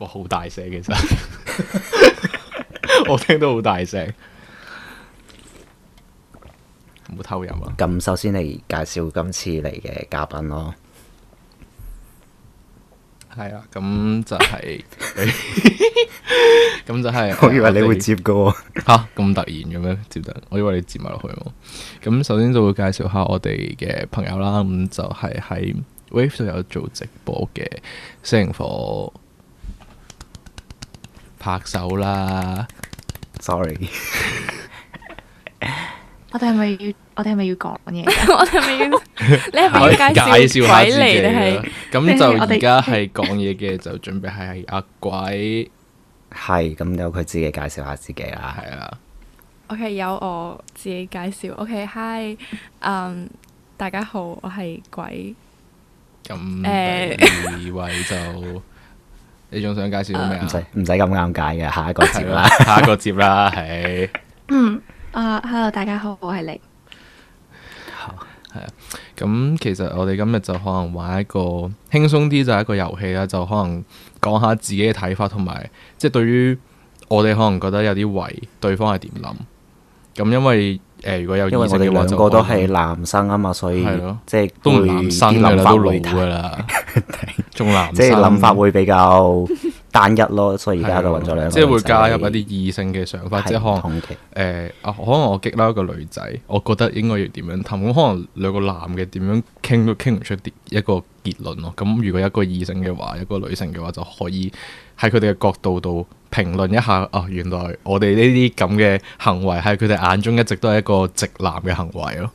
我好大聲，其實 我聽到好大聲，唔好偷飲啊！咁首先嚟介紹今次嚟嘅嘉賓咯，係啊，咁就係、是，咁 就係、是， 我以為你會接噶，吓咁、 啊、突然噉樣？接得，我以為你接埋落去。咁首先就會介紹下我哋嘅朋友啦，咁就係喺 Wave 都有做直播嘅螢火。拍手啦！Sorry，我哋係咪要？我哋係咪要講嘢？我哋係咪要？你係咪要介紹下自己？咁就而家係講嘢嘅，就準備係阿鬼，係咁由佢自己介紹下自己啦，係啦。OK，由我自己介紹。OK，Hi，大家好，我係鬼。咁第二位就。你仲想介紹咩啊？唔使唔使咁尷尬嘅，下一個接啦， 下一個接啦，係。嗯啊、哦、，Hello，大家好，我係你。好係啊，咁其實我哋今日就可能玩一個輕鬆啲，就係一個遊戲啦，就可能講下自己嘅睇法，同埋即係對於我哋可能覺得有啲圍，對方係點諗？咁因為誒、呃，如果有因為我哋兩個都係男生啊嘛，所以即係都男生諗法了老嘅啦。 即係諗法會比較單一咯，所以而家都揾咗兩個即係會加入一啲異性嘅想法，的即係可能誒期、呃，可能我激嬲一個女仔，我覺得應該要點樣談？咁可能兩個男嘅點樣傾都傾唔出一個結論咯。咁如果一個異性嘅話，一個女性嘅話，就可以喺佢哋嘅角度度評論一下。哦，原來我哋呢啲咁嘅行為喺佢哋眼中一直都係一個直男嘅行為咯。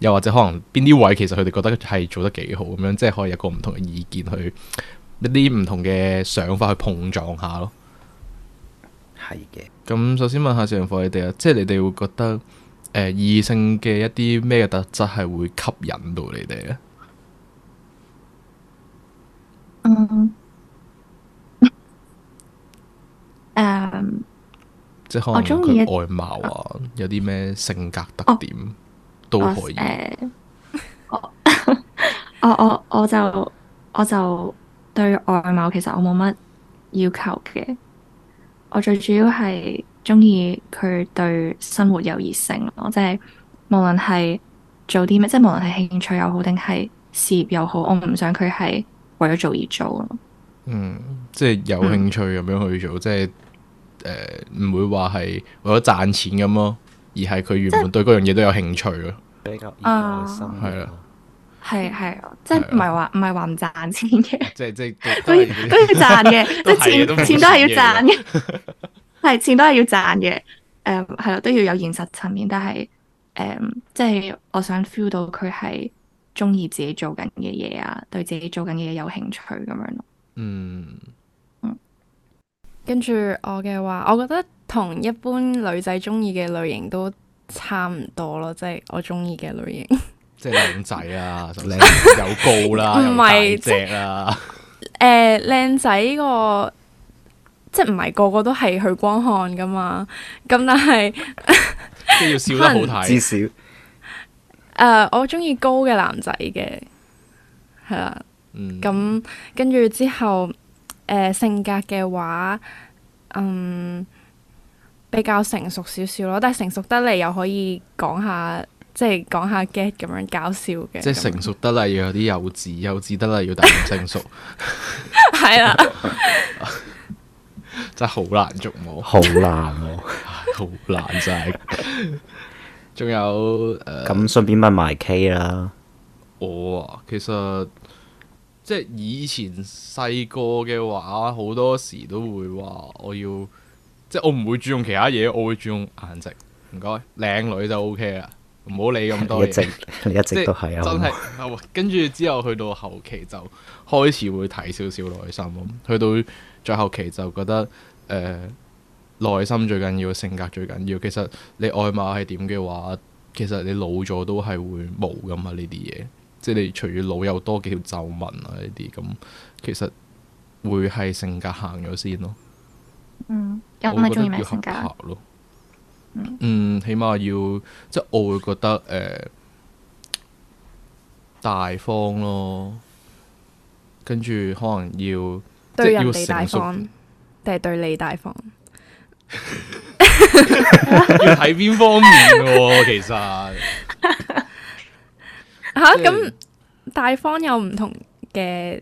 又或者可能邊啲位，其實佢哋覺得係做得幾好咁樣，即係可以有個唔同嘅意見去一啲唔同嘅想法去碰撞下咯。係嘅。咁首先問下小螢火你哋啊，即係你哋會覺得誒異性嘅一啲咩特質係會吸引到你哋咧、嗯？嗯。即係可能中意外貌啊，我有啲咩性格特點？哦都可以。 我我我，我就我就對外貌其實我冇乜要求嘅。我最主要係中意佢對生活有熱誠，咯、就是，即、就、係、是、無論係做啲咩，即係無論係興趣又好，定係事業又好，我唔想佢係為咗做而做咯。嗯，即係有興趣咁樣去做，嗯、即係誒，唔、呃、會話係為咗賺錢咁咯。而係佢原本對嗰樣嘢都有興趣咯，比較開心係啦，係啊，即係唔係話唔係話唔賺錢嘅，即係即係都 都要賺嘅，即係錢錢都係要賺嘅，係 錢都係要賺嘅，誒係咯，都要有現實層面，但係誒、嗯、即係我想 feel 到佢係中意自己做緊嘅嘢啊，對自己做緊嘅嘢有興趣咁樣咯，嗯嗯，跟住我嘅話，我覺得。同一般女仔中意嘅類型都差唔多咯，即、就、係、是、我中意嘅類型， 即係靚仔啊，靚 有高啦、啊，唔係即係誒靚仔個，即係唔係個個都係去光看噶嘛？咁但係都 要笑得好睇， 至少誒、 呃，我中意高嘅男仔嘅係啊。咁、嗯、跟住之後誒、呃、性格嘅話，嗯。比較成熟少少咯，但係成熟得嚟又可以講下，即係講下 get 咁樣搞笑嘅。即係成熟得嚟，要有啲幼稚， 幼稚得嚟要突然成熟。係啦，真係好難捉摸，好難哦，好難真係。仲有誒，咁順便問埋 K 啦。我啊，其實即係以前細個嘅話，好多時都會話我要。即係我唔會注重其他嘢，我會注重顏值。唔該，靚女就 O K 啦，唔好理咁多嘢。一直，一直都係啊，真係嗎。 跟住之後去到後期就開始會睇少少內心咁，去到最後期就覺得誒，內心最緊要，性格最緊要。其實你外貌係點嘅話，其實你老咗都係會冇㗎嘛呢啲嘢。即係你除咗老又多幾條皺紋啊呢啲咁，其實會係性格行咗先咯。嗯，又唔係鍾意咩性格咯？嗯，起碼要即係我會覺得誒、嗯嗯呃，大方咯，跟住可能要對人即係要成熟，定係對你大方？ 要睇邊方面嘅，啊，其實吓咁， 啊，大方有唔同嘅。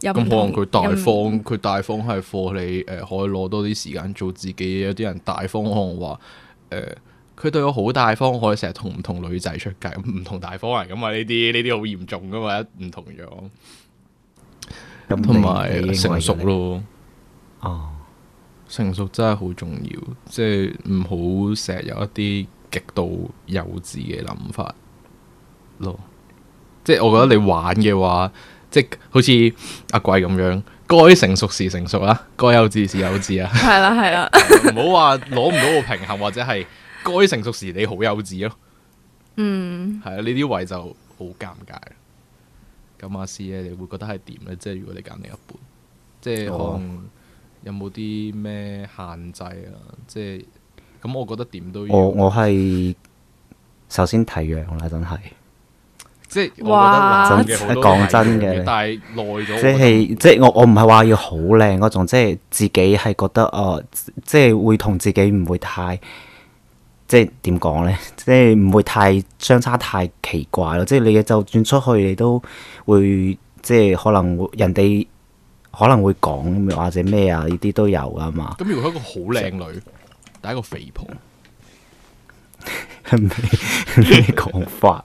咁可能佢大方，佢 大方係貨你誒、呃，可以攞多啲時間做自己。有啲人大方，可能話誒，佢、呃、對我好大方，可以成日同唔同女仔出街，唔、嗯、同大方人咁啊！呢啲呢啲好嚴重噶嘛，唔同樣。咁同埋成熟咯，哦，成熟真係好重要，即係唔好成日有一啲極度幼稚嘅諗法咯。哦、即係我覺得你玩嘅話。即好似阿貴咁樣，該成熟時成熟啊，該幼稚時幼稚啊。係啦係啦，唔好話攞唔到個平衡或者係該成熟時你好幼稚咯。嗯，係啦，呢啲位就好尷尬。咁阿 C 咧，你會覺得係點咧？即係如果你揀另一半，即係可能有冇啲咩限制啊？我即係咁，我覺得點都要。我我係首先提樣啦，真係。即係哇！一講真嘅，真但係耐咗，即係即係我、就是、我唔係話要好靚嗰種，即係、就是、自己係覺得哦，即、呃、係、就是、會同自己唔會太即係點講咧？即係唔會太相差太奇怪咯。即、就、係、是、你就算出去，你都會即係可能會人哋可能會講或者咩啊呢啲都有噶嘛。咁如果一個好靚女，打一個肥婆。係咩講法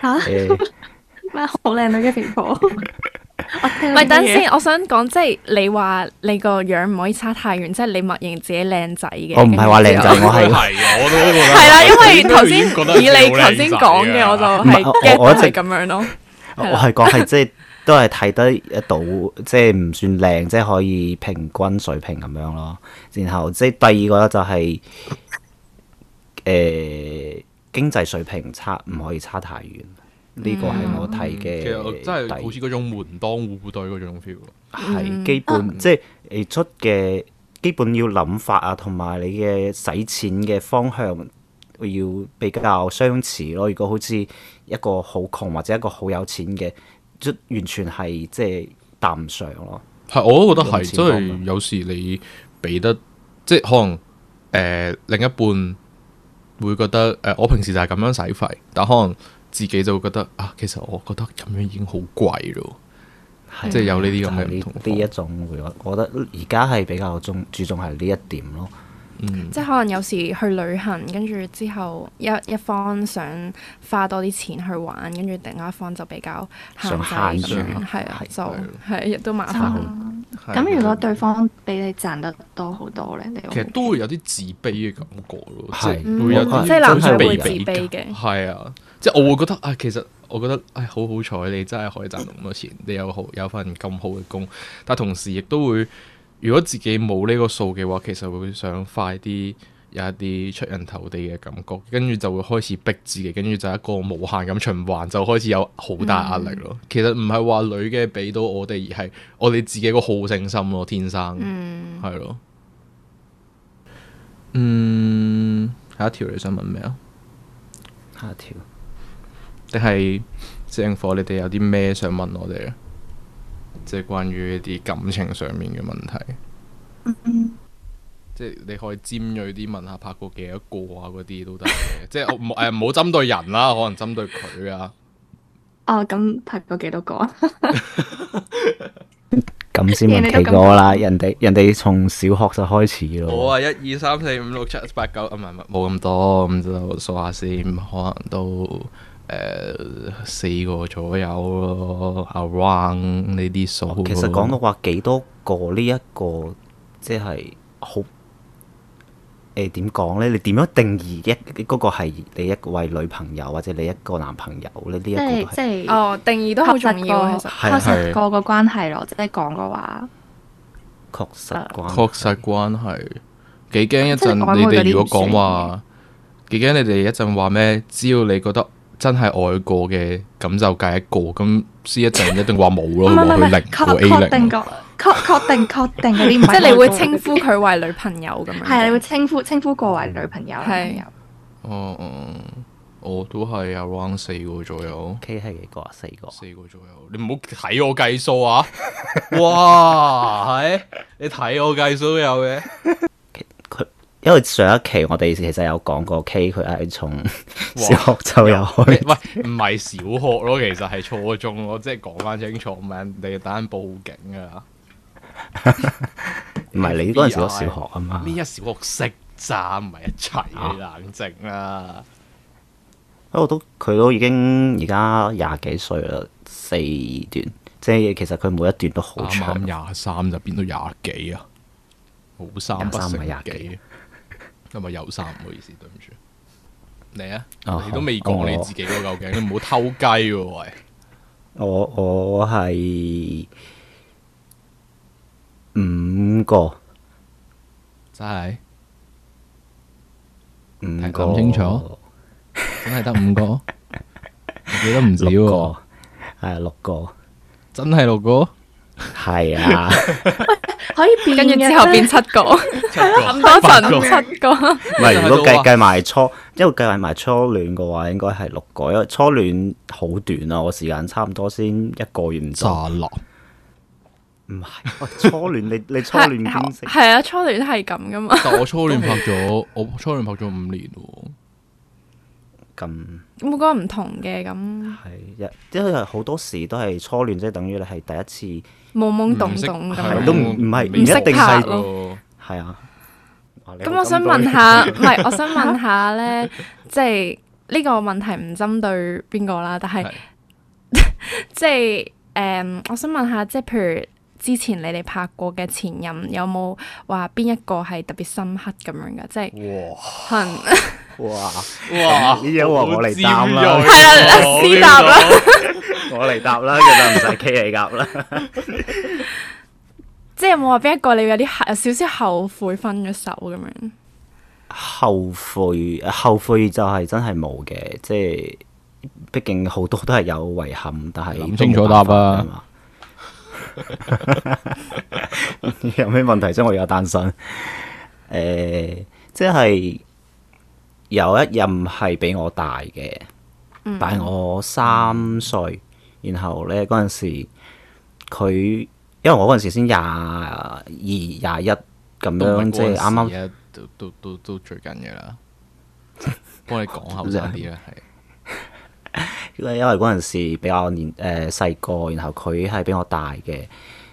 啊？吓， 咩好靚女嘅肥婆？唔係 等先，我想講即係你話你個樣唔可以差太遠，即、就、係、是、你默認自己靚仔嘅。我唔係話靚仔，我係係啊，啦。因為頭先以你頭先講嘅，我就係我，我一直咁樣咯。是的 我係講係即係都係睇得到，即係唔算靚，即係 可以平均水平咁樣咯。然後即係、就是、第二個咧就係、是。誒，經濟水平差唔可以差太遠，呢個係我睇嘅。其實真係好似嗰種門當戶對嗰種 feel，係基本即係你出嘅基本要諗法啊，同埋你嘅使錢嘅方向要比較相似咯。如果好似一個好窮或者一個好有錢嘅，即完全係即係搭唔上咯。係我都覺得係，即係有時你俾得即係可能誒另一半。會覺得誒，呃，我平時就係咁樣使費，但可能自己就會覺得啊，其實我覺得咁樣已經好貴咯。的即係有呢啲咁嘅唔同呢一種，我覺得而家係比較重注重係呢一點咯。即係可能有時去旅行，跟住之後一一方想花多啲錢去玩，跟住另一方就比較限制嘅，係啊，就係亦都麻煩。咁如果對方比你賺得多好多咧，你其實都會有啲自卑嘅感覺咯，即係會有啲男生會自卑嘅。係啊，即係我會覺得啊，其實我覺得唉，好好彩你真係可以賺到咁多錢，你有好有份咁好嘅工，但同時亦都會。如果自己冇呢個數嘅話，其實會想快啲有一啲出人頭地嘅感覺，跟住就會開始逼自己，跟住就一個無限咁循環，就開始有好大壓力咯。嗯、其實唔係話女嘅俾到我哋，而係我哋自己個好勝心咯，天生係、嗯、咯。嗯，下一條你想問咩啊？下條定係螢火？你哋有啲咩想問我哋啊？即係關於一啲感情上面嘅問題，嗯、即係你可以尖銳啲問下拍過幾多個啊？嗰啲都得嘅， 即係唔，誒，唔好針對人啦，可能針對佢啊。哦，咁拍過幾多個啊？咁先問幾個啦，人哋人哋從小學就開始咯。我、哦、啊，一二三四五六七八九啊，唔係冇咁多，咁就數下先，可能都。誒、呃，四個左右咯，around 呢啲數。其實講到話幾多個、這個欸、呢一個，即係好誒，點講咧？你點樣定義一嗰個係你一位女朋友或者你一個男朋友咧？呢一個即係、就是、哦，定義都好重要，其實確實個個關係咯。係你即係講個話，確實、嗯，確實關係幾驚一陣，你哋如果講話幾驚，你哋一陣話咩？只要你覺得。真係愛過嘅，咁就計一個，咁試一陣一定話冇咯，佢零個 A 零，確確定確定呢啲，即係你會稱呼佢為女朋友咁樣，係啊，你會稱呼稱呼個為女朋友。係，哦哦，我都係啊，round 四個左右，K 係幾個啊？四個，四個左右，你唔好睇我計數啊！哇，係你睇我計數都有嘅。因為上一期我哋其實有講過 K，佢係從小學就入去哇，喂唔係小學咯，其實係初中咯， 即係講翻清楚，唔係人哋等緊報警啊！唔係 是 B 你都係小小學啊嘛？呢一小學識咋、啊，唔係一齊冷靜啊！我都佢都已經而家廿幾歲啦，四段，即係其實佢每一段都好長。廿三就變到廿幾啊？好三，三係廿幾？今日有三？唔好意思，對唔住。你啊，你都未講你自己喎，究竟你唔好偷雞喎喂。我我係五個，真係五個清楚，真係得五個，我記得唔少喎。係六個，真係六個，係啊。可以變，跟住之後變七個，係咯，咁多份，七個。唔係，如果計 計埋初，因為計埋初戀嘅話，應該係六個，因為初戀好短啊，我時間差唔多先一個月唔到。沙唔係初戀， 你你初戀公式係 啊，初戀係咁噶嘛。 但係我初戀拍咗，我初戀拍咗五年喎。咁咁嗰個唔同嘅咁，係一因為，好多時都係初戀，即係等於你係第一次懵懵懂懂咁，係都唔唔係唔識拍咯，係啊。咁我想問下，唔係我想問下咧，即係呢個問題唔針對邊個啦，但係即係誒，我想問下，即係譬如。之前你哋拍過嘅前任有冇話邊一個係特別深刻咁樣噶？即係哇哇哇，呢樣話我嚟答啦，係啦，試對哇答啦，哇 我嚟答啦，其實唔使企你答啦。 即係有冇話邊一個你有啲少少後悔分咗手咁樣？後悔後悔就係真係冇嘅，即係畢竟好多都係有遺憾，但係諗清楚答啊。 有咩問題啫、uh, 嗯？因為我單身，誒、啊，即係有一任係比我大嘅，大我三歲。然後咧嗰陣時，佢因為我嗰陣時先廿二廿一咁樣，即係啱啱，都都都都最緊要嘅啦，幫你講下先啲啦，係、 就是。因為嗰陣時比較年誒、呃、細個，然後佢係比我大嘅，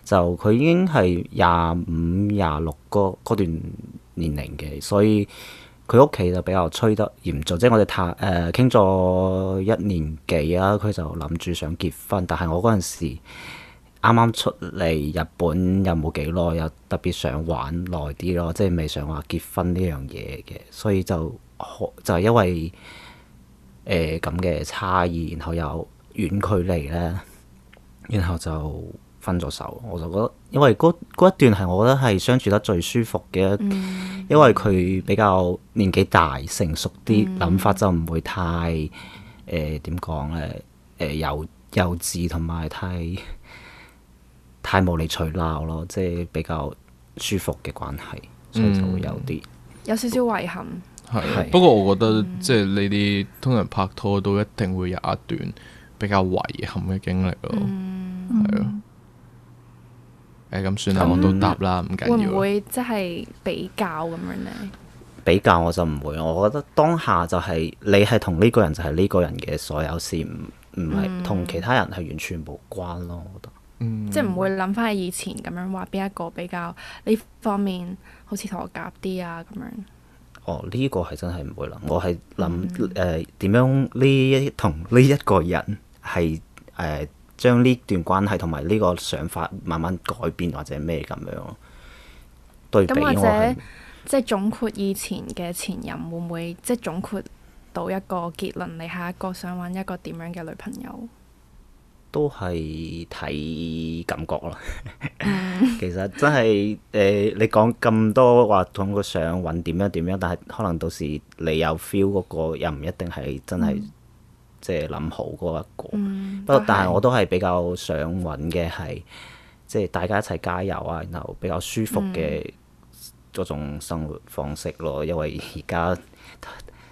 就佢已經係廿五廿六個嗰段年齡嘅，所以佢屋企就比較催得嚴重。即係我哋、呃、談誒傾咗一年幾啦，佢就諗住想結婚，但係我嗰陣時啱啱出嚟日本又冇幾耐，又特別想玩耐啲咯，即係未想話結婚呢樣嘢嘅，所以就就係因為，誒咁嘅差異，然後有遠距離咧，然後就分咗手。我就覺得，因為嗰一段係我覺得係相處得最舒服嘅，嗯、因為佢比較年紀大、成熟啲，諗、嗯、法就唔會太誒點講咧，誒、呃、幼、呃、幼稚同埋太太無理取鬧咯，即係比較舒服嘅關係，嗯、所以就會有啲、嗯嗯、有少少遺憾。係，的不過我覺得、嗯、即係呢啲通常拍拖都一定會有一段比較遺憾嘅經歷咯。係咯，誒咁算啦，嗯、我都答啦，唔緊要。會唔會即係比較咁樣咧？比較我就唔會，我覺得當下就係、是、你係同呢個人就係呢個人嘅所有事，唔唔係同其他人係完全冇關咯。我覺得，嗯、即係唔會諗翻以前咁樣話邊一個比較呢方面好、啊，好似同我夾啲啊咁樣。哦，呢、呢個係真係唔會啦，我係諗誒點樣呢一同呢一個人係誒將呢段關係同埋呢個想法慢慢改變或者咩咁樣對比。咁或者是即係總括以前嘅前任，會唔會即係總括到一個結論？你下一個想揾一個點樣嘅女朋友？都係睇感覺咯。 其實真係誒、呃，你講咁多話，講個想揾點樣點樣，但係可能到時你有 feel 嗰、那個又唔一定係真係、嗯、即係諗好嗰、那、一個。嗯、不過但係我都係比較想揾嘅係即係大家一齊加油啊，然後比較舒服嘅嗰種生活方式咯。嗯、因為而家。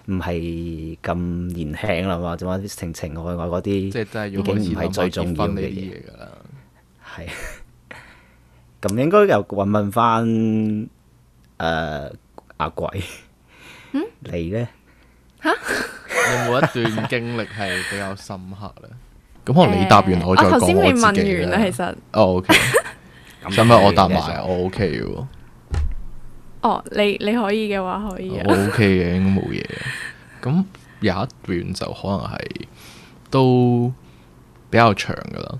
唔係咁年輕啦嘛，仲有啲情情愛愛嗰啲，即係真係要唔係最重要嘅嘢噶啦。係，咁 affe 應該又問問翻誒阿鬼，你咧嚇？有冇一段經歷係比較深刻咧？咁可能你答完我再講我自己啦。其實，哦，O K，使唔使我答埋？我 O K 喎。哦，你你可以嘅話可以，我 OK 嘅，應該冇嘢。咁有一段就可能係都比較長噶啦，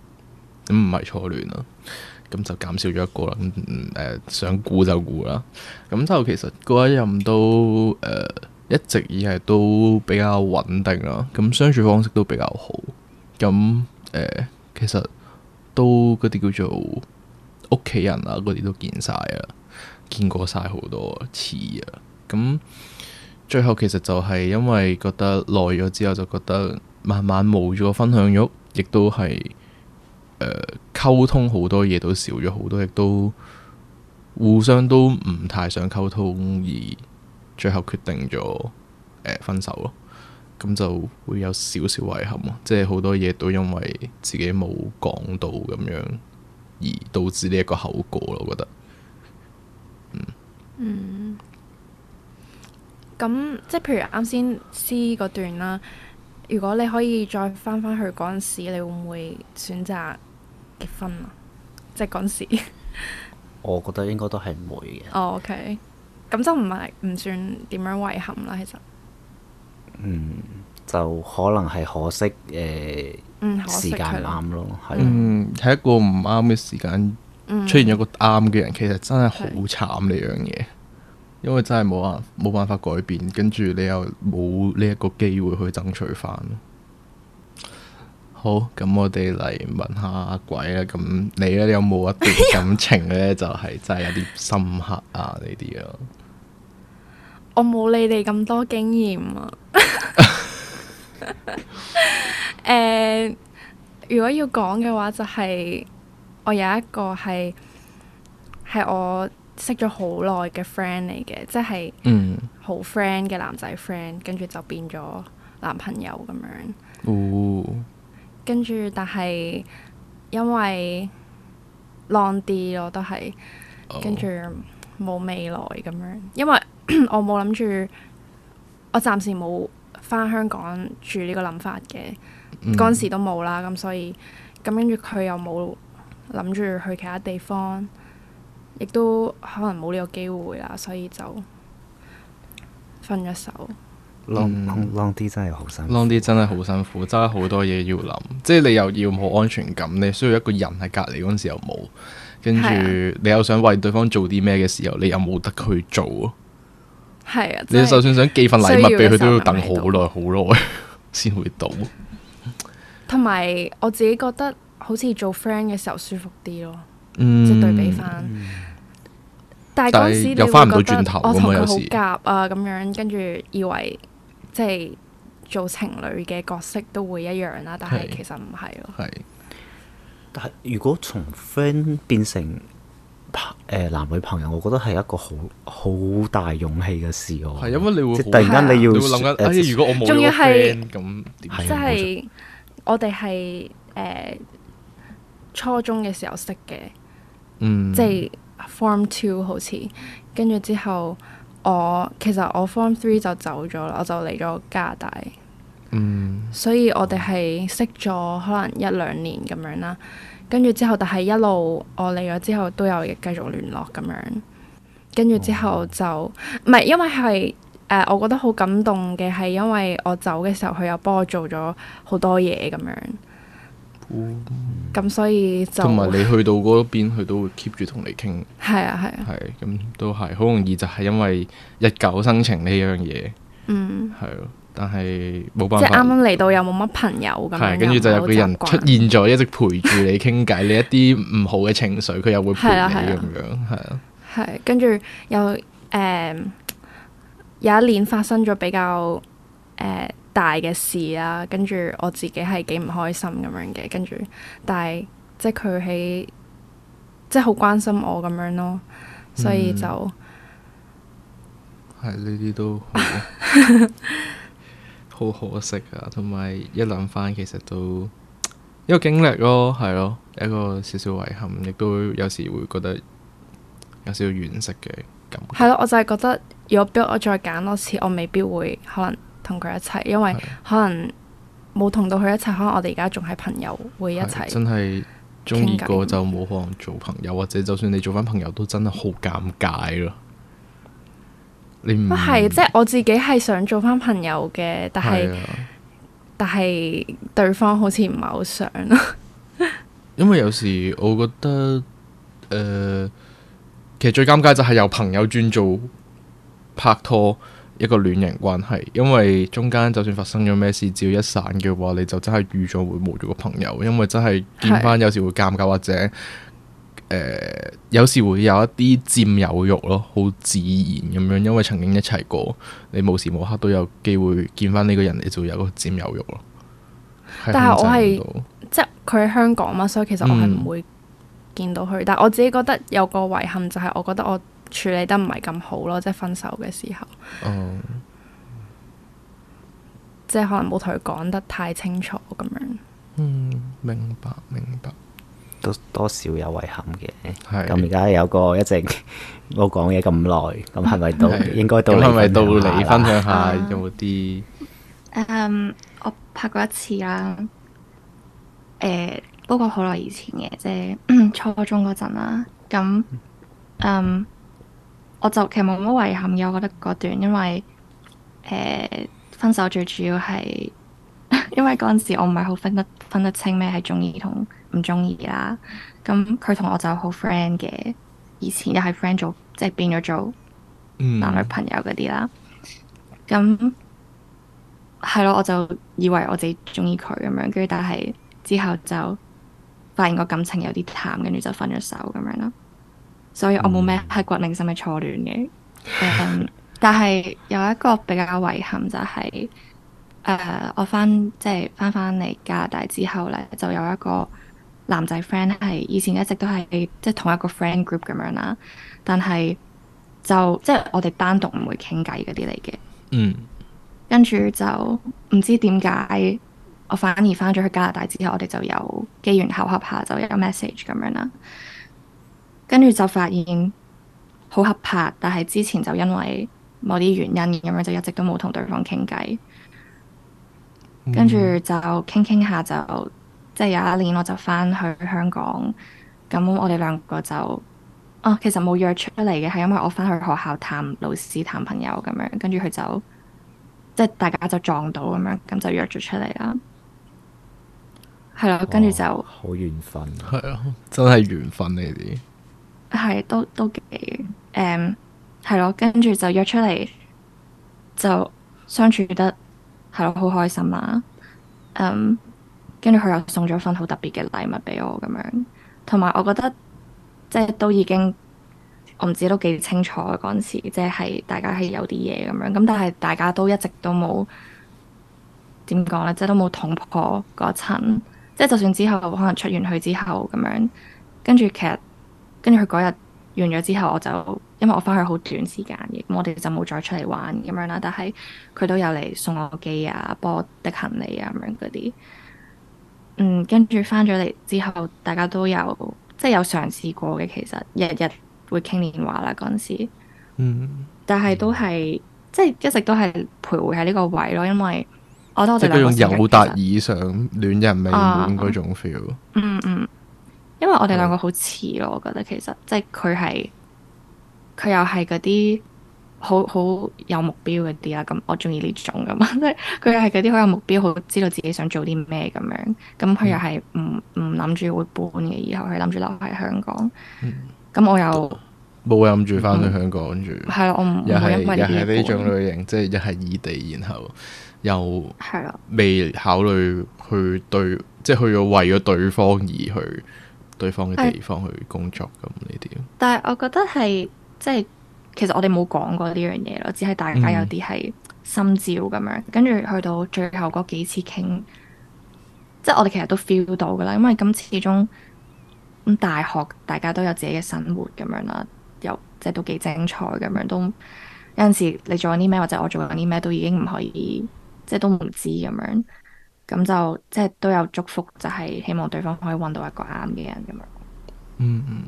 咁唔係初戀啦，咁就減少咗一個啦。咁、嗯、誒、呃、想顧就顧啦。咁就其實嗰一任都誒、呃、一直以嚟都比較穩定啦。咁、嗯、相處方式都比較好。咁、嗯、誒、呃、其實都嗰啲叫做屋企人啊，嗰啲都見晒啦。見過晒好多次啊，咁最後其實就係因為覺得耐咗之後，就覺得慢慢冇咗分享欲，亦都係誒溝通好多嘢都少咗好多，亦都互相都唔太想溝通，而最後決定咗誒、呃、分手咯。咁就會有少少遺憾啊，即係好多嘢都因為自己冇講到咁樣，而導致呢一個後果咯，我覺得。嗯，咁即係譬如啱先 C 嗰段啦，如果你可以再翻返去嗰陣時，你會唔會選擇結婚啊？即係嗰陣時， 我覺得應該都係唔會嘅。哦 OK，咁就唔係唔算點樣遺憾啦，其實。嗯，就可能係可惜誒，時間啱咯。係，嗯，係一個唔啱嘅時間間。對嗯出現一個啱嘅人，嗯、其實真係好慘呢樣嘢。是因為真係冇啊，冇辦法改變，跟住你又冇呢一個機會去爭取翻。好，咁我哋嚟問下阿鬼啦。咁你咧有冇一段感情咧，就係真係有啲深刻啊？呢啲啊，我冇你哋咁多經驗啊。誒，如果要講嘅話，就是，就係。我有一個係係我識咗好耐嘅 friend 嚟嘅，即係好 friend 嘅男仔 friend，跟住就變咗男朋友咁樣。哦、跟住但係因為浪啲咯，都係跟住冇未來咁樣，因為 我冇諗住，我暫時冇翻香港住呢個諗法嘅，嗰陣、嗯、時都冇啦。咁所以咁跟住佢又冇。諗住去其他地方，亦都可能冇呢個機會啦，所以就分咗手。嗯嗯、long long D 真係好辛，long D 真係好辛苦，揸好 多嘢要諗。即係你又要冇安全感，你需要一個人喺隔籬嗰陣時又冇，跟住、啊、你又想為對方做啲咩嘅時候，你又冇得去做。係啊，就是、你就算想寄份禮物俾佢，都要等好耐好耐先會到。同埋我自己覺得。好似做 friend 嘅時候舒服啲咯，即係對比翻。但係又翻唔到轉頭我同佢好夾啊咁樣，跟住以為即係做情侶嘅角色都會一樣啦，但係其實唔係咯。係，但係如果從 friend 變成誒男女朋友，我覺得係一個好好大勇氣嘅事哦。係，因為你會即係突然間你要你會諗緊，如果我冇仲要係咁，即係我哋係誒。初中嘅時候識嘅，嗯，mm. 即係 Form Two 好似，跟住之後我其實我 Form Three 就走咗啦，我就嚟咗加拿大，嗯，mm. 所以我哋係識咗可能一兩年咁樣啦，跟住之後但係一路我嚟咗之後都有繼續聯絡咁樣，跟住之後就唔係 Okay. 因為係誒，uh, 我覺得好感動嘅係因為我走嘅時候佢又幫我做咗好多嘢咁樣。咁所以就同埋你去到嗰邊，佢都會 keep 住同你傾。係啊係啊。係咁都係，好容易就係因為日久生情呢樣嘢。嗯。係咯，但係冇辦法。即係啱啱嚟到又冇乜朋友咁係，跟住就有個人出現咗，一直陪住你傾偈，你一啲唔好嘅情緒佢又會陪你咁樣，係啊。係跟住又誒，有一年發生咗比較誒。大嘅事啦、啊，跟住我自己係幾唔開心咁樣嘅，跟住，但係即係佢喺，即係好關心我咁樣咯，所以就係呢啲都好， 可惜啊！同埋一諗翻，其實都一個經歷咯，係咯，一個少少遺憾，亦都有時會覺得有少少惋惜嘅感覺。係咯，我就係覺得，如果俾我再揀多次，我未必會可能。同佢一齊，因為可能冇同到佢一齊，可能我哋而家仲係朋友會一齊。真係中意過就冇可能做朋友，或者就算你做翻朋友都真係好尷尬咯。你唔，唔係，啊，即係，就是、我自己係想做翻朋友嘅，但係的但係對方好似唔係好想咯，啊。 因為有時我覺得，誒、呃，其實最尷尬就係由朋友轉做拍拖。一個戀人關係，因為中間就算發生咗咩事，只要一散嘅話，你就真係預咗會冇咗個朋友，因為真係見翻有時會尷尬，是或者誒、呃，有時會有一啲佔有欲咯，好自然咁樣，因為曾經一齊過，你無時無刻都有機會見翻呢個人，你就會有個佔有欲咯。但係我係即係佢喺香港嘛，所以其實我係唔會見到佢，嗯、但係我自己覺得有個遺憾就係，我覺得我。處理得唔係咁好咯，即係分手嘅時候，嗯、即係可能冇同佢講得太清楚咁樣。嗯，明白明白，都多少有遺憾嘅。咁而家有個一直冇講嘢咁耐，咁係咪都應該到係咪到你分享下， 是是分享下有冇啲？Uh, um, 我拍過一次啦，誒、啊，不過好耐以前嘅，即、啊、係初中嗰陣啦，咁我就其實冇乜遺憾嘅，我覺得嗰段，因為誒、呃、分手最主要係 因為嗰陣時我唔係好分得分得清咩係中意同唔中意啦。咁佢同我就好 friend 嘅，以前又係 friend 做，即係變咗做男女朋友嗰啲啦。咁係咯，我就以為我自己中意佢咁樣，跟住但係之後就發現個感情有啲淡，跟住就分咗手咁樣咯。所以我冇咩刻骨銘心嘅初戀嘅，um, 但係有一個比較遺憾就係、是，誒、uh, 我翻即係翻翻嚟加拿大之後呢，就有一個男仔 friend 係以前一直都係即係同一個 friend group 咁樣啦，但係就即係、就是、我哋單獨唔會傾偈嗰啲嚟嘅，嗯，跟住就唔知點解我反而翻咗去加拿大之後，我哋就有機緣巧合下就一個 message 咁樣啦。跟住就發現好合拍，但係之前就因為某啲原因咁樣，就一直都冇同對方傾偈。跟住就傾傾下就，就即係有一年，我就返去香港，咁我哋兩個就哦，其實冇約出嚟嘅，係因為我返去學校探老師、探朋友咁樣，跟住佢就即係大家就撞到咁樣，咁就約咗出嚟啦。係啦，跟住就，哦，就好緣分，係啊，真係緣分呢，啊，啲。係都都幾誒，係，um，咯，跟住就約出嚟就相處得係咯，好開心啦，啊。嗯，跟住佢又送咗份好特別嘅禮物俾我咁樣，同埋我覺得即係都已經，我唔知都幾清楚嗰陣時，即係大家係有啲嘢咁樣，咁但係大家都一直都冇點講咧，即係都冇捅破嗰層，即係就算之後可能出完去之後咁樣，跟住其實。跟住佢嗰日完咗之後，我就因為我翻去好短時間嘅，咁、嗯、我哋就冇再出嚟玩咁樣啦。但係佢都有嚟送我機啊，幫我滴行李啊咁樣嗰啲。嗯，跟住翻咗嚟之後，大家都有即係有嘗試過嘅。其實日日會傾電話啦嗰陣時。嗯。但係都係、嗯、即係一直都係徘徊喺呢個位咯，因為我覺得我哋嗰種友達以上戀人未滿嗰種 feel、嗯。嗯嗯。嗯。因為我哋兩個好似咯，我覺得其實即係佢係佢又係嗰啲好好有目標嗰啲啊，咁我中意呢種噶嘛，即係佢又係嗰啲好有目標，好知道自己想做啲咩咁樣，咁佢又係唔唔諗住會搬嘅，以後佢諗住留喺香港，咁、嗯、我又冇諗住翻去香港住，係啦，我唔又係是又係呢種類型，即係一係異地，然後又係咯，未考慮去對，對了即係去咗為咗對方而去。對方嘅地方去工作咁呢啲，是但係我覺得係即係，其實我哋冇講過呢樣嘢咯，只係大家有啲係心照咁樣，跟住、嗯、去到最後嗰幾次傾，即係我哋其實都 feel 到噶啦，因為今次始終咁大學大家都有自己嘅生活咁樣啦，又即係都幾精彩咁樣，都有陣時你做緊啲咩或者我做緊啲咩都已經唔可以，即係都唔知咁樣。咁就即係都有祝福，就係、是、希望對方可以揾到一個啱嘅人咁樣、嗯。嗯嗯，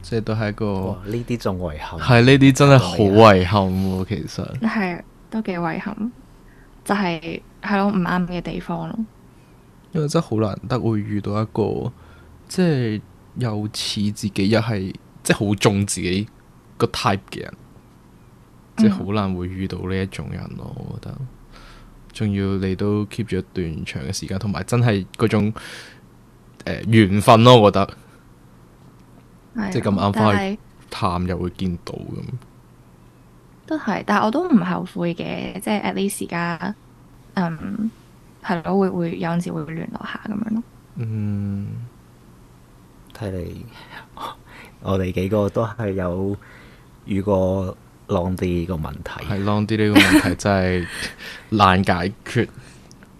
即係都係一個呢啲仲遺憾，係呢啲真係好遺憾喎。的其實係都幾遺憾，就係係咯唔啱嘅地方咯。因為真係好難得會遇到一個即係有似自己又係即係好重自己個 type 嘅人，嗯、即係好難會遇到呢一種人咯，我覺得。仲要你都 keep 咗一段長嘅時間，同埋真係嗰種誒緣、呃、分咯，我覺得，的即係咁啱返去探又會見到咁，都係，但係我都唔後悔嘅，即係 at least 時間，嗯，係咯，會有會有陣時會聯絡下咁樣咯。嗯，睇嚟 我哋幾個都係有遇過。long 啲個問題係 long 啲呢 個問題真係難解決，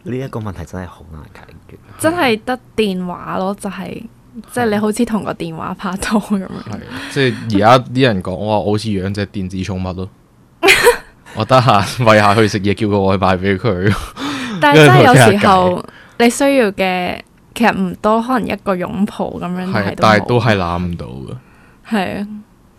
呢一個問題真係好難解決，真係得電話咯，就係、是、 即係你好似同個電話拍拖咁樣是，係 即係而家啲人講我好似養隻電子寵物咯，我得閒餵下去食嘢，叫個外賣俾佢， 但係真係有時候你需要嘅其實唔多，可能一個擁抱咁樣，但係都係攬唔到嘅，係啊是，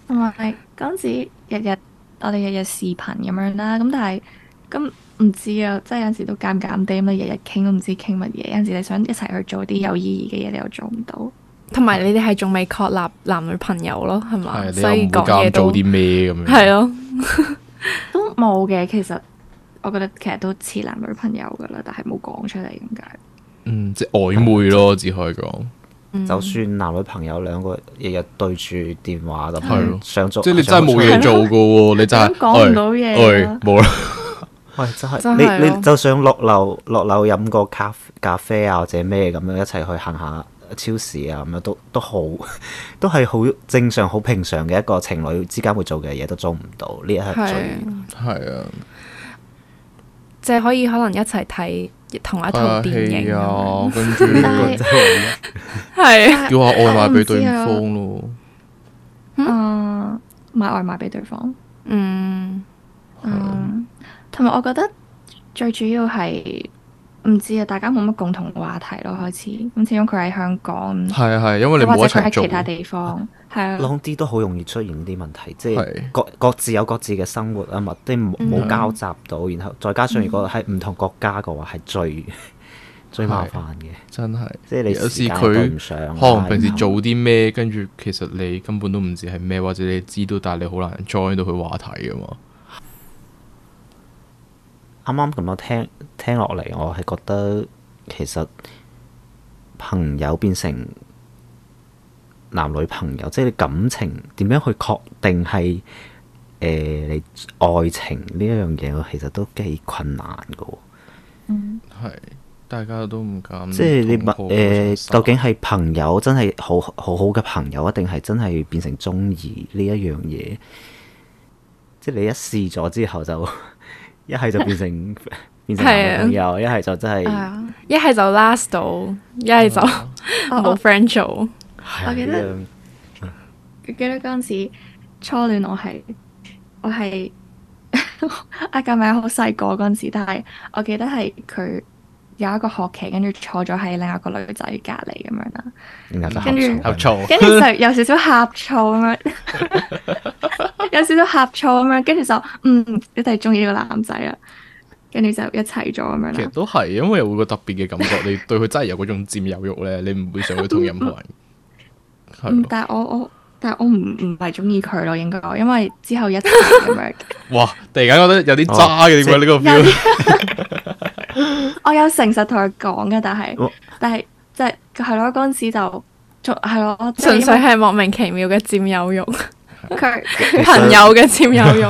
同埋嗰陣時日日，日。我哋日日視頻咁樣啦，咁但係咁唔知啊，即係有時都尷尬啲咁，日日傾都唔知傾乜嘢，有時你想一齊去做啲有意義嘅嘢，你又做唔到，同埋你哋係仲未確立男女朋友咯，係嘛 吧？所以講嘢做啲咩咁樣？係咯，都冇嘅。其實我覺得其實都似男女朋友噶啦，但係冇講出嚟咁解。嗯，即係曖昧咯， 只可以講。就算男女朋友兩個日日對住電話就係咯，上足、嗯、做即係你真係冇嘢做㗎喎，你真係講唔到嘢，冇啦，喂真係你你，就想落樓落樓飲個咖咖啡啊，或者咩咁樣，一齊去行下超市啊咁樣，都都好，都係好正常好平常嘅一個情侶之間會做嘅嘢都做唔到，呢一刻最係啊。即係可以可能一齊睇同一套電影啊，跟住叫下外賣俾對方咯，嗯，買外賣俾對方，嗯嗯，同埋、 嗯、我覺得最主要係。唔知啊，大家冇乜共同話題咯，開始咁始終佢喺香港，係係因為你冇一齊，或者佢喺其他地方，係啊。啊 long 啲都好容易出現啲問題，即係各係各自有各自嘅生活啊嘛，即係冇交集到，然後再加上如果喺唔同國家嘅話，係、mm hmm. 最最麻煩嘅，真係。即係你時想有時佢可能平時做啲咩，跟住其實你根本都唔知係咩，或者你知道，但係你好難 join 到佢話題啊嘛。啱啱咁樣聽聽落嚟，我係覺得其實朋友變成男女朋友，即係你感情點樣去確定係誒、呃，你愛情呢一樣嘢，其實都幾困難噶。嗯，係大家都唔敢。即係你問誒，究竟係朋友真係好好好嘅朋友，定係真係變成中意呢一樣嘢？即係你一試咗之後就。 一係就變成變成朋友，一係、啊、就真係，一係、啊、就 last 到，一係就冇 friend 做、哦。我記得，我記得嗰陣時初戀，我係我係啊，咁咪好細個嗰陣時，但係我記得係佢有一個學期，跟住坐咗喺另一個女仔隔籬咁樣啦，跟住呷醋，跟住就有少少呷醋咁樣。有少少呷醋咁樣，跟住就嗯，一定係中意呢個男仔啦，跟住就一齊咗咁樣啦。其實都係，因為有個特別嘅感覺，你對佢真係有嗰種佔有欲咧，你唔會想去同任何人。但係我我但係我唔唔係中意佢咯，應該講因為之後一齊咁樣。哇！突然間覺得有啲渣嘅點解呢個 feel？我有誠實同佢講嘅，但係但係即係係咯，嗰陣時就就係咯，純粹係莫名其妙嘅佔有欲。佢朋友嘅佔有慾，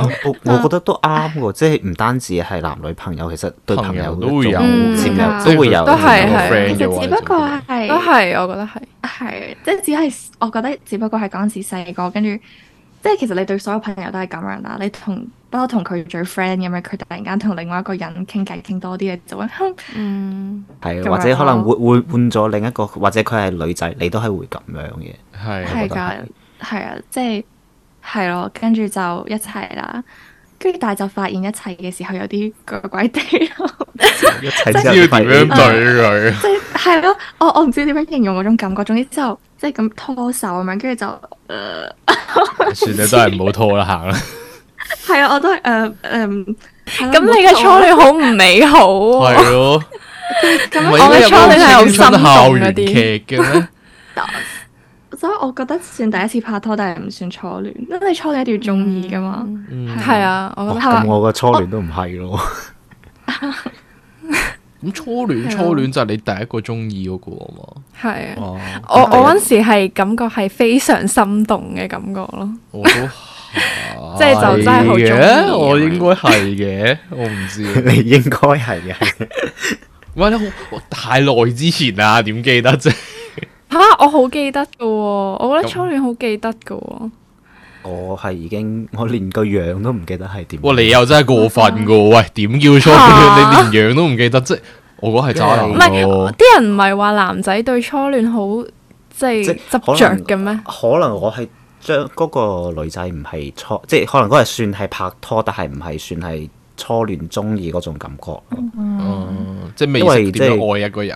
我我覺得都啱嘅，即係唔單止係男女朋友，其實對朋友都會有佔有。都會有。都係係，其實只不過係都係，我覺得係係，即係只係，我覺得只不過係嗰陣時細個，跟住即係其實你對所有朋友都係咁樣啦。你同不嬲同佢最 friend 咁樣，佢突然間同另外一個人傾偈傾多啲嘢做咧，嗯，係或者可能會換換咗另一個，或者佢係女仔，你都係會咁樣嘅，係係噶，係啊，即係。係咯，跟住就一齊啦，跟住但係就發現一齊嘅時候有啲怪怪哋，咯， 即係要點樣對待？即係係咯，我我唔知點樣形容嗰種感覺。總之之後即係咁拖手咁樣，跟住就誒，算你都係唔好拖啦，行啦。係啊，我都係誒誒，咁、呃呃啊、你嘅初戀好唔美好？係咯 了，咁我嘅初戀係好深刻嗰啲。所以我覺得算第一次拍拖，但係唔算初戀，因為初戀一定要中意噶嘛。係啊，我覺得，咁我嘅初戀都唔係咯。咁初戀初戀就係你第一個中意嗰個嘛？係啊，我我嗰時係感覺係非常心動嘅感覺咯。即係就真係好中意。我應該係嘅，我唔知你應該係嘅。我太耐之前啊，點記得啫？吓！我好記得嘅、哦，我覺得初戀好記得嘅、哦。嗯、我係已經，我連個樣都唔記得係點。哇！你又真係過分噶，喂，點叫初戀？哈你連樣都唔記得，即係我覺得係渣男。唔係，啲人唔係話男仔對初戀好即係執着嘅咩？可能，可能我係將嗰個女仔唔係初，即係可能嗰日算係拍拖，但係唔係算係初戀中意嗰種感覺。嗯，嗯即係未識點樣愛一個人。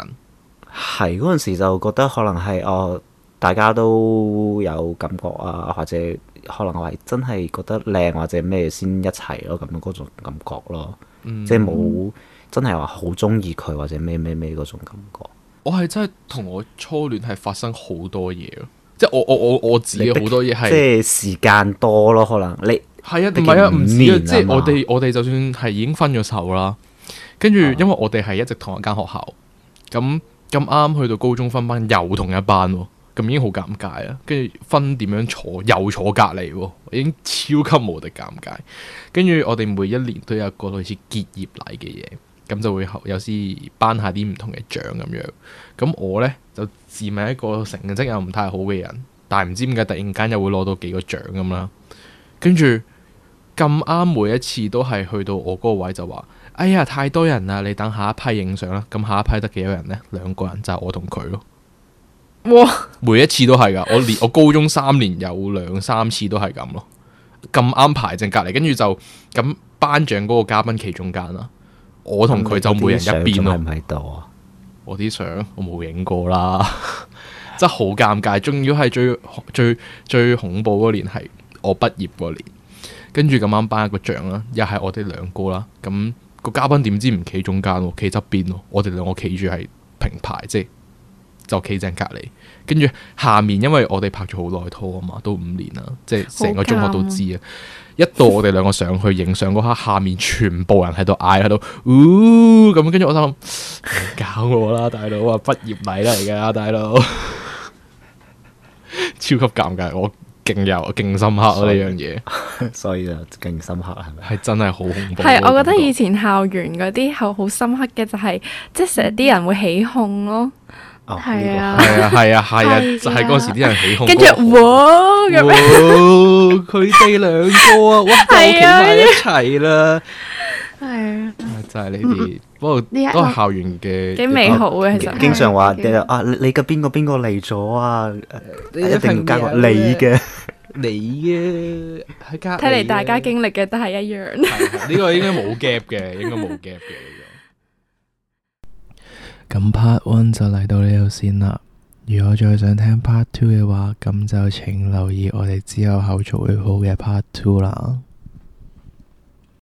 係嗰陣時就覺得可能係，誒、哦，大家都有感覺啊，或者可能我係真係覺得靚或者咩先一齊咯，咁樣嗰種感覺咯，嗯、即係冇真係話好中意佢或者咩咩咩嗰種感覺。我係真係同我初戀係發生好多嘢咯，即係我我我我自己好多嘢係即係時間多咯，可能你係啊，唔係啊，唔知、啊。啊、即係我哋我哋就算係已經分咗手啦，跟住因為我哋係一直同一間學校咁。咁啱去到高中分班又同一班，哦，咁已經好尷尬啦。跟住分點樣坐又坐隔籬，哦，已經超級無敵尷尬。跟住我哋每一年都有個類似結業禮嘅嘢，咁就會有時頒下啲唔同嘅獎咁樣。咁我呢，就自問一個成績又唔太好嘅人，但係唔知點解突然間又會攞到幾個獎咁啦。跟住咁啱每一次都係去到我嗰個位就話。哎呀，太多人啦！你等下一批影相啦。咁下一批得幾多人呢？兩個人就係、是、我同佢咯。哇！每一次都係噶我連我高中三年有兩三次都係咁咯。咁啱排正隔籬，跟住就咁頒獎嗰個嘉賓企中間啦。我同佢就每人一邊咯。唔喺度啊！我啲相我冇影過啦， 真係好尷尬。仲要係最最最恐怖嗰年係我畢業嗰年，跟住咁啱頒一個獎啦，又係我哋兩個啦。咁。個嘉賓點知唔企中間喎，企側邊咯。我哋兩個企住係平排，即係就企正隔籬。跟住下面，因為我哋拍咗好耐拖啊嘛，都五年啦，即係成個中學都知啊。一到我哋兩個上去影相嗰刻，下面全部人喺度嗌、喺度嗚咁。跟住我心諗， 搞我啦，大佬啊，畢業禮嚟嘅，大佬，超級尷尬我。勁有勁深刻咯，呢樣嘢，所以就勁深刻。係咪？係真係好恐怖。係，我覺得以前校園嗰啲好好深刻嘅就係，即係成日啲人會起哄咯。係啊，係啊，係啊，係啊，就係嗰時啲人起哄。跟住，哇！佢哋兩個啊，屈到企埋一齊啦。係啊，就係呢邊。不過呢個都係校園嘅幾美好嘅，其實經常話啊，啊，你嘅邊個邊個嚟咗啊？一定隔個離你嘅的，你嘅睇嚟大家經歷嘅都係一樣。 呢、呢個應該冇 gap 嘅， 應該冇 gap 嘅。咁 part one 就嚟到呢度先啦。如果再想聽 part two 嘅話，咁就請留意我哋之後後續會好嘅 part two 啦。